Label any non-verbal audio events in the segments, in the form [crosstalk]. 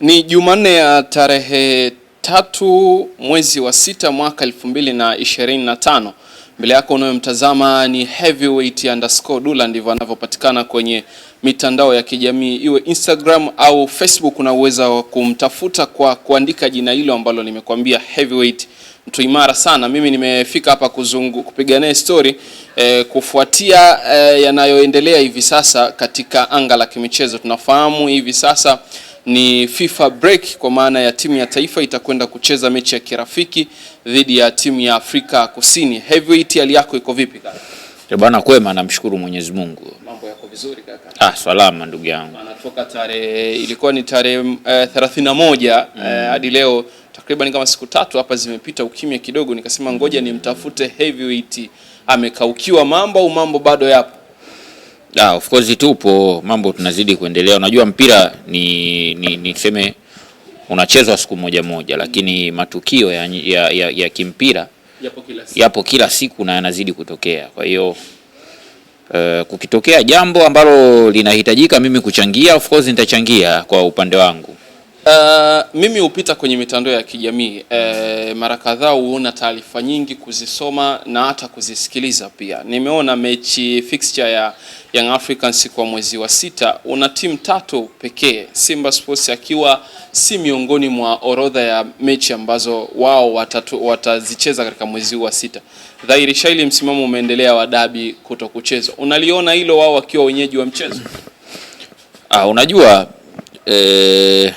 Ni Jumanne ya tarehe tatu mwezi wa sita mwaka elfu mbili na ishirini na tano. Mbele yako unayomtazama ni Heavyweight underscore Dula, ndivyo anavyopatikana kwenye mitandao ya kijamii iwe Instagram au Facebook. Unaweza wa kumtafuta kwa kuandika jina hilo ambalo nimekuambia, Heavyweight, mtu imara sana. Mimi nimefika hapa kuzungu kupiga naye story eh, kufuatia eh, yanayoendelea hivi sasa katika anga la kimichezo. Tunafahamu hivi sasa ni FIFA break kwa maana ya timu ya taifa itakwenda kucheza mechi ya kirafiki dhidi ya timu ya Afrika Kusini. Heavyweight, hali yako iko vipi kaka? bwana, kwema, namshukuru Mwenyezi Mungu. Mambo yako vizuri kaka? Ah, salama ndugu yangu. Anatoka tarehe ilikuwa ni tarehe eh, 31 eh, mm. hadi leo takriban kama siku tatu hapa zimepita, ukimya kidogo, nikasema ngoja nimtafute Heavyweight, amekaukiwa mambo au mambo bado yapo? Ah, of course tupo, mambo tunazidi kuendelea. Unajua mpira ni ni seme unachezwa siku moja moja, lakini matukio ya, ya, ya, ya kimpira yapo kila siku, yapo kila siku na yanazidi kutokea. Kwa hiyo uh, kukitokea jambo ambalo linahitajika mimi kuchangia, of course nitachangia kwa upande wangu. Uh, mimi hupita kwenye mitandao ya kijamii e, mara kadhaa huona taarifa nyingi kuzisoma na hata kuzisikiliza pia. Nimeona mechi fixture ya Young Africans kwa mwezi wa sita una timu tatu pekee, Simba Sports akiwa si miongoni mwa orodha ya mechi ambazo wao watazicheza katika mwezi wa sita. Dhahiri shaili msimamo umeendelea wa dabi kuto kuchezwa. Unaliona hilo wao wakiwa wenyeji wa mchezo? Ah, unajua eh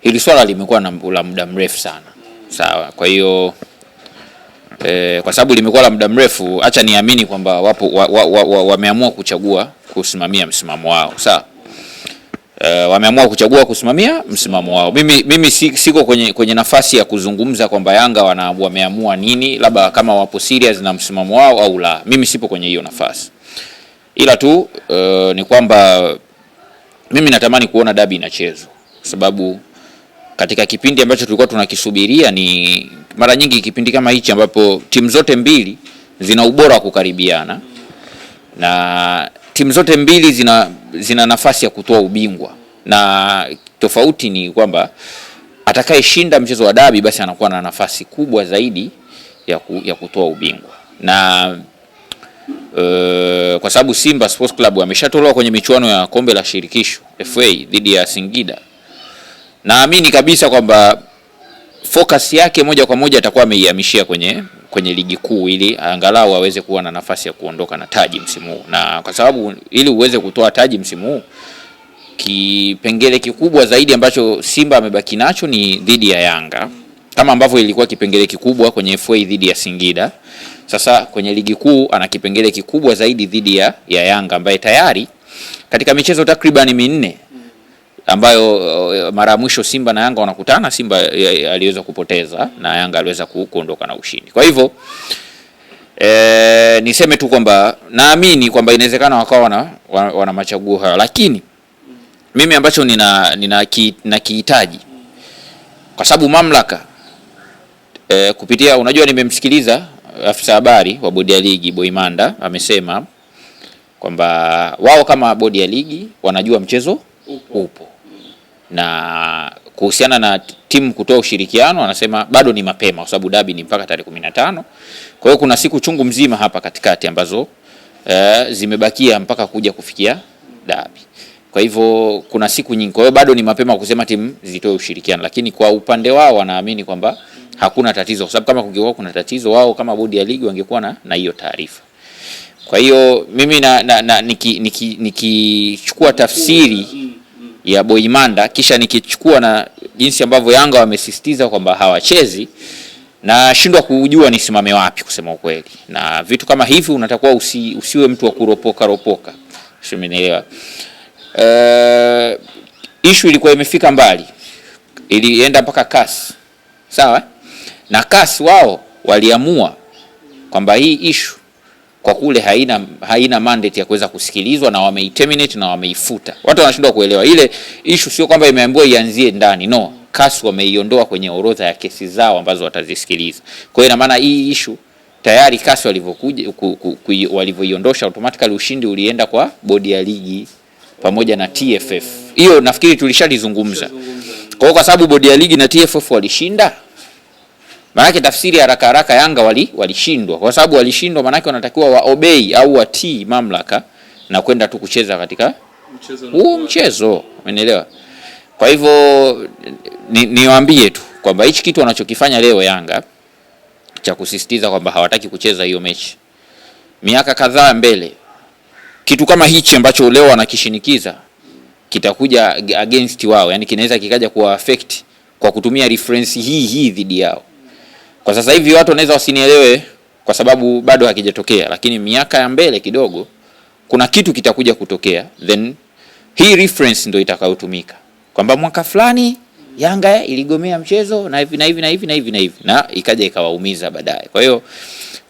hili swala limekuwa la muda mrefu sana, sawa. Kwa hiyo e, kwa sababu limekuwa la muda mrefu, acha niamini kwamba wapo wameamua wa, wa, wa, wa kuchagua kusimamia msimamo wao, sawa. E, wameamua kuchagua kusimamia msimamo wao. Mimi, mimi siko kwenye, kwenye nafasi ya kuzungumza kwamba Yanga wana, wameamua nini, labda kama wapo serious na msimamo wao au la. Mimi sipo kwenye hiyo nafasi, ila tu e, ni kwamba mimi natamani kuona dabi inachezwa kwa sababu katika kipindi ambacho tulikuwa tunakisubiria. Ni mara nyingi kipindi kama hichi ambapo timu zote mbili zina ubora wa kukaribiana na timu zote mbili zina, zina nafasi ya kutoa ubingwa, na tofauti ni kwamba atakayeshinda mchezo wa dabi basi anakuwa na nafasi kubwa zaidi ya, ku, ya kutoa ubingwa na uh, kwa sababu Simba Sports Club ameshatolewa kwenye michuano ya kombe la shirikisho FA dhidi ya Singida naamini kabisa kwamba focus yake moja kwa moja atakuwa ameihamishia kwenye kwenye ligi kuu ili angalau aweze kuwa na nafasi ya kuondoka na taji msimu huu, na kwa sababu ili uweze kutoa taji msimu huu, kipengele kikubwa zaidi ambacho Simba amebaki nacho ni dhidi ya Yanga, kama ambavyo ilikuwa kipengele kikubwa kwenye FA dhidi ya Singida. Sasa kwenye ligi kuu ana kipengele kikubwa zaidi dhidi ya, ya Yanga ambaye tayari katika michezo takribani minne ambayo uh, mara ya mwisho Simba na Yanga wanakutana, Simba eh, aliweza kupoteza na Yanga aliweza kuondoka na ushindi. Kwa hivyo e, niseme tu kwamba naamini kwamba inawezekana wakawa wana, wana machaguo hayo, lakini mimi ambacho nina, nina ki, nakihitaji kwa sababu mamlaka e, kupitia unajua, nimemsikiliza afisa habari wa bodi ya ligi Boimanda amesema kwamba wao kama bodi ya ligi wanajua mchezo upo, upo na kuhusiana na timu kutoa ushirikiano, anasema bado ni mapema kwa sababu dabi ni mpaka tarehe 15. Kwa hiyo kuna siku chungu mzima hapa katikati ambazo e, zimebakia mpaka kuja kufikia dabi. Kwa hivyo kuna siku nyingi, kwa hiyo bado ni mapema kusema timu zitoe ushirikiano, lakini kwa upande wao wanaamini kwamba hakuna tatizo, kwa sababu kama kungekuwa kuna tatizo, wao kama bodi ya ligi wangekuwa na hiyo taarifa. Kwa hiyo mimi na, na, na, nikichukua niki, niki tafsiri ya Boimanda, kisha nikichukua na jinsi ambavyo Yanga wamesisitiza kwamba hawachezi na shindwa kujua nisimame wapi kusema ukweli, na vitu kama hivi unatakuwa usi, usiwe mtu wa kuropoka ropoka, simenielewa. Eh, ishu ilikuwa imefika mbali, ilienda mpaka CAS sawa na CAS wao waliamua kwamba hii ishu kwa kule haina, haina mandate ya kuweza kusikilizwa na wameiterminate na wameifuta. Watu wanashindwa kuelewa ile issue, sio kwamba imeambiwa ianzie ndani no, kasi wameiondoa kwenye orodha ya kesi zao ambazo watazisikiliza. Kwa hiyo ina maana hii issue tayari kasi walivyokuja walivyoiondosha, automatically ushindi ulienda kwa bodi ya ligi pamoja na TFF. Hiyo nafikiri tulishalizungumza. Kwa hiyo kwa sababu bodi ya ligi na TFF walishinda Maanake tafsiri haraka haraka, Yanga walishindwa wali, kwa sababu walishindwa, maanake wanatakiwa waobei au watii mamlaka na kwenda tu kucheza katika huu mchezo, umeelewa? Kwa hivyo niwaambie ni tu kwamba hichi kitu wanachokifanya leo Yanga cha kusisitiza kwamba hawataki kucheza hiyo mechi, miaka kadhaa mbele, kitu kama hichi ambacho leo wanakishinikiza kitakuja against wao, yani kinaweza kikaja kuwa affect kwa kutumia reference hii hii dhidi yao. Kwa sasa hivi watu wanaweza wasinielewe kwa sababu bado hakijatokea, lakini miaka ya mbele kidogo kuna kitu kitakuja kutokea, then hii reference ndio itakayotumika kwamba mwaka fulani Yanga iligomea mchezo na hivi na hivi na hivi na hivi na hivi na ikaja ikawaumiza baadaye. Kwa hiyo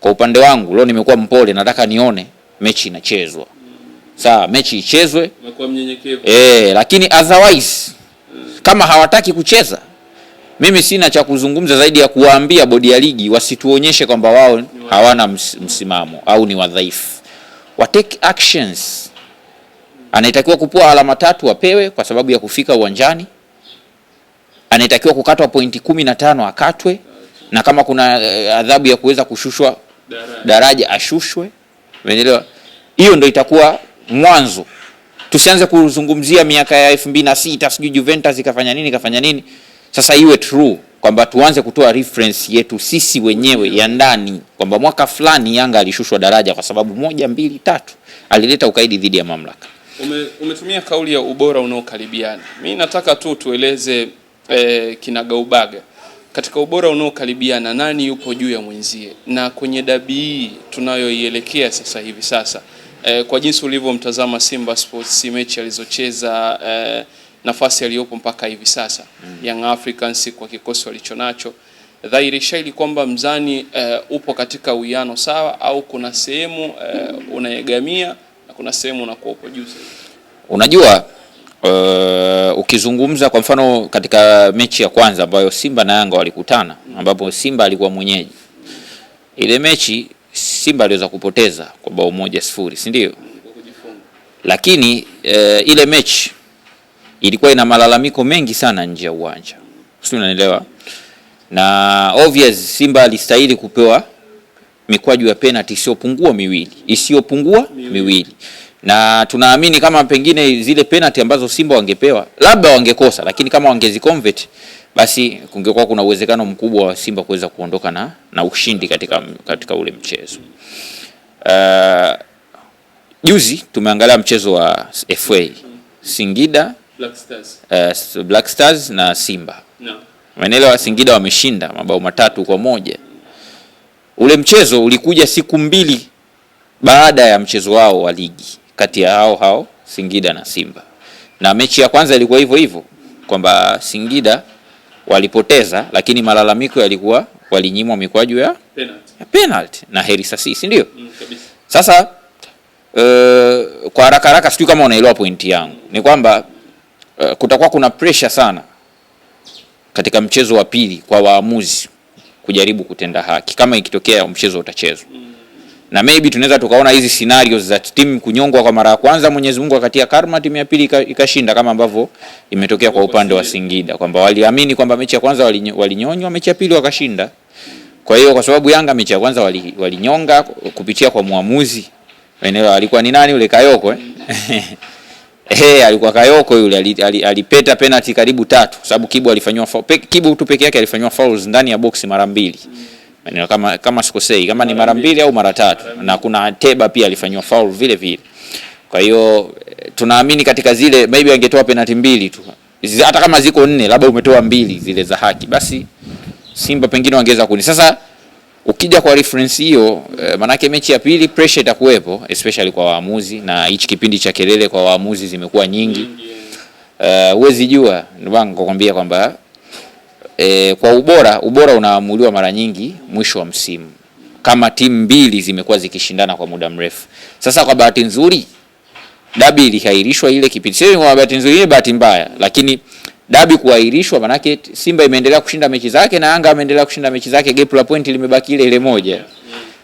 kwa upande wangu leo nimekuwa mpole, nataka nione mechi inachezwa sawa, mechi ichezwe, e, lakini otherwise kama hawataki kucheza mimi sina cha kuzungumza zaidi ya kuwaambia bodi ya ligi wasituonyeshe kwamba wao hawana msimamo au ni wadhaifu, wa take actions. Anayetakiwa kupua alama tatu apewe kwa sababu ya kufika uwanjani, anayetakiwa kukatwa pointi kumi na tano akatwe, na kama kuna eh, adhabu ya kuweza kushushwa daraja ashushwe. Umeelewa? Hiyo ndio itakuwa mwanzo. Tusianze kuzungumzia miaka ya elfu mbili na sita sijui Juventus ikafanya nini ikafanya nini sasa iwe true kwamba tuanze kutoa reference yetu sisi wenyewe ya ndani kwamba mwaka fulani Yanga alishushwa daraja kwa sababu moja, mbili, tatu, alileta ukaidi dhidi ya mamlaka. Ume, umetumia kauli ya ubora unaokaribiana. Mi nataka tu tueleze eh, kinagaubaga katika ubora unaokaribiana, nani yupo juu ya mwenzie, na kwenye dabii tunayoielekea sasa hivi sasa eh, kwa jinsi ulivyomtazama Simba Sports, si mechi alizocheza eh, nafasi aliyopo mpaka hivi sasa mm. Young Africans kwa kikosi walichonacho dhahiri shaili kwamba mzani uh, upo katika uwiano sawa, au kuna sehemu uh, eh, unaegamia na kuna sehemu unakuwa upo juu zaidi. Unajua uh, ukizungumza kwa mfano katika mechi ya kwanza ambayo Simba na Yanga walikutana mm. ambapo Simba alikuwa mwenyeji, ile mechi Simba aliweza kupoteza kwa bao moja sifuri, si ndio? Lakini uh, ile mechi ilikuwa ina malalamiko mengi sana nje ya uwanja, sio? Unanielewa? Na obvious Simba alistahili kupewa mikwaju ya penalty isiyopungua miwili, isiyopungua miwili, na tunaamini kama pengine zile penalty ambazo Simba wangepewa labda wangekosa, lakini kama wangeziconvert basi kungekuwa kuna uwezekano mkubwa wa Simba kuweza kuondoka na, na ushindi katika, katika ule mchezo. Uh, juzi tumeangalia mchezo wa FA Singida Black Stars, uh, Black Stars na Simba no. Umeelewa? Singida wameshinda mabao matatu kwa moja. Ule mchezo ulikuja siku mbili baada ya mchezo wao wa ligi kati ya hao hao Singida na Simba, na mechi ya kwanza ilikuwa hivyo hivyo kwamba Singida walipoteza, lakini malalamiko yalikuwa walinyimwa mikwaju ya penalty, ya penalty na Heri Sasi, si ndio? Mm, Sasa uh, kwa haraka haraka sijui kama unaelewa pointi yangu ni kwamba Eh, kutakuwa kuna pressure sana katika mchezo wa pili kwa waamuzi kujaribu kutenda haki kama ikitokea mchezo utachezwa na maybe tunaweza tukaona hizi scenarios za timu kunyongwa kwa mara ya kwanza, Mwenyezi Mungu akatia karma, timu ya pili ikashinda, kama ambavyo imetokea kwa upande wa Singida kwamba waliamini kwamba mechi ya kwanza walinyonywa, mechi ya pili wakashinda. Kwa hiyo kwa sababu Yanga mechi ya kwanza walinyonga kupitia kwa mwamuzi, eneo alikuwa ni nani ule Kayoko eh? [laughs] He, alikuwa Kayoko yule alipeta penalty karibu tatu, sababu Kibu alifanywa foul. Kibu tu peke yake alifanywa fouls ndani ya box mara mbili maneno kama kama sikosei, kama ni mara mbili au mara tatu, na kuna teba pia alifanywa foul vile vile. Kwa hiyo eh, tunaamini katika zile, maybe angetoa penalty mbili tu, hata kama ziko nne, labda umetoa mbili zile za haki, basi Simba pengine wangeweza kuni sasa Ukija kwa reference hiyo eh, manake mechi ya pili pressure itakuwepo especially kwa waamuzi, na hichi kipindi cha kelele kwa waamuzi zimekuwa nyingi. Eh, huwezi uh, jua ndio kwamba eh, kwa ubora ubora unaamuliwa mara nyingi mwisho wa msimu, kama timu mbili zimekuwa zikishindana kwa muda mrefu. Sasa kwa bahati nzuri dabi ilihairishwa ile kipindi, sio kwa bahati nzuri, ile bahati mbaya, lakini dabi kuahirishwa, manake Simba imeendelea kushinda mechi zake na Yanga ameendelea kushinda mechi zake, gap la point limebaki ile ile moja.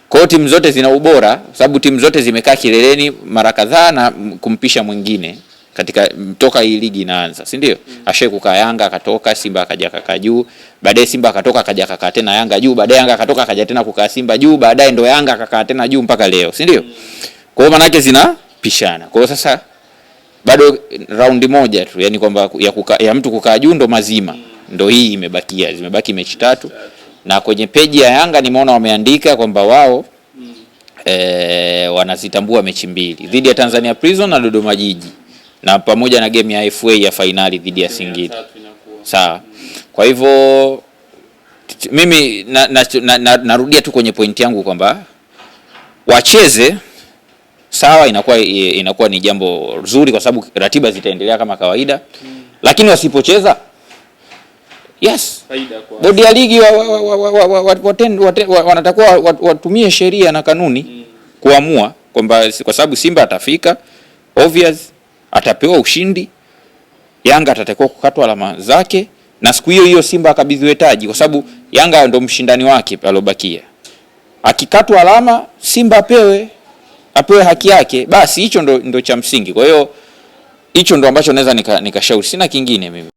Kwa hiyo timu zote zina ubora, sababu timu zote zimekaa kileleni mara kadhaa na kumpisha mwingine katika toka hii ligi inaanza, si ndio? Mm. Ashe kukaa Yanga akatoka Simba akaja kaka juu, baadaye Simba akatoka akaja kaka tena Yanga juu, baadaye Yanga akatoka akaja tena kukaa Simba juu, baadaye ndo Yanga akakaa tena juu mpaka leo, si ndio? Mm. Kwa hiyo manake zinapishana. Kwa hiyo sasa bado raundi moja tu, yani kwamba ya, kuka, ya mtu kukaa juu ndo mazima ndo hii imebakia, zimebaki mechi tatu. Na kwenye peji ya Yanga nimeona wameandika kwamba wao e, wanazitambua mechi mbili dhidi ya Tanzania Prison na Dodoma Jiji na pamoja na game ya FA ya fainali dhidi ya Singida. Sawa, kwa hivyo mimi na, na, na, na, narudia tu kwenye pointi yangu kwamba wacheze sawa, inakuwa inakuwa ni jambo zuri, kwa sababu ratiba zitaendelea kama kawaida mm. Lakini wasipocheza yes, bodi ya ligi wanatakuwa watumie sheria na kanuni mm. kuamua kwamba kwa sababu Simba atafika obvious, atapewa ushindi, Yanga atatakiwa kukatwa alama zake na siku hiyo hiyo Simba akabidhiwe taji, kwa sababu Yanga ndo mshindani wake alobakia. Akikatwa alama Simba apewe apewe haki yake, basi hicho ndo, ndo cha msingi. Kwa hiyo hicho ndo ambacho naweza nikashauri, nika sina kingine mimi.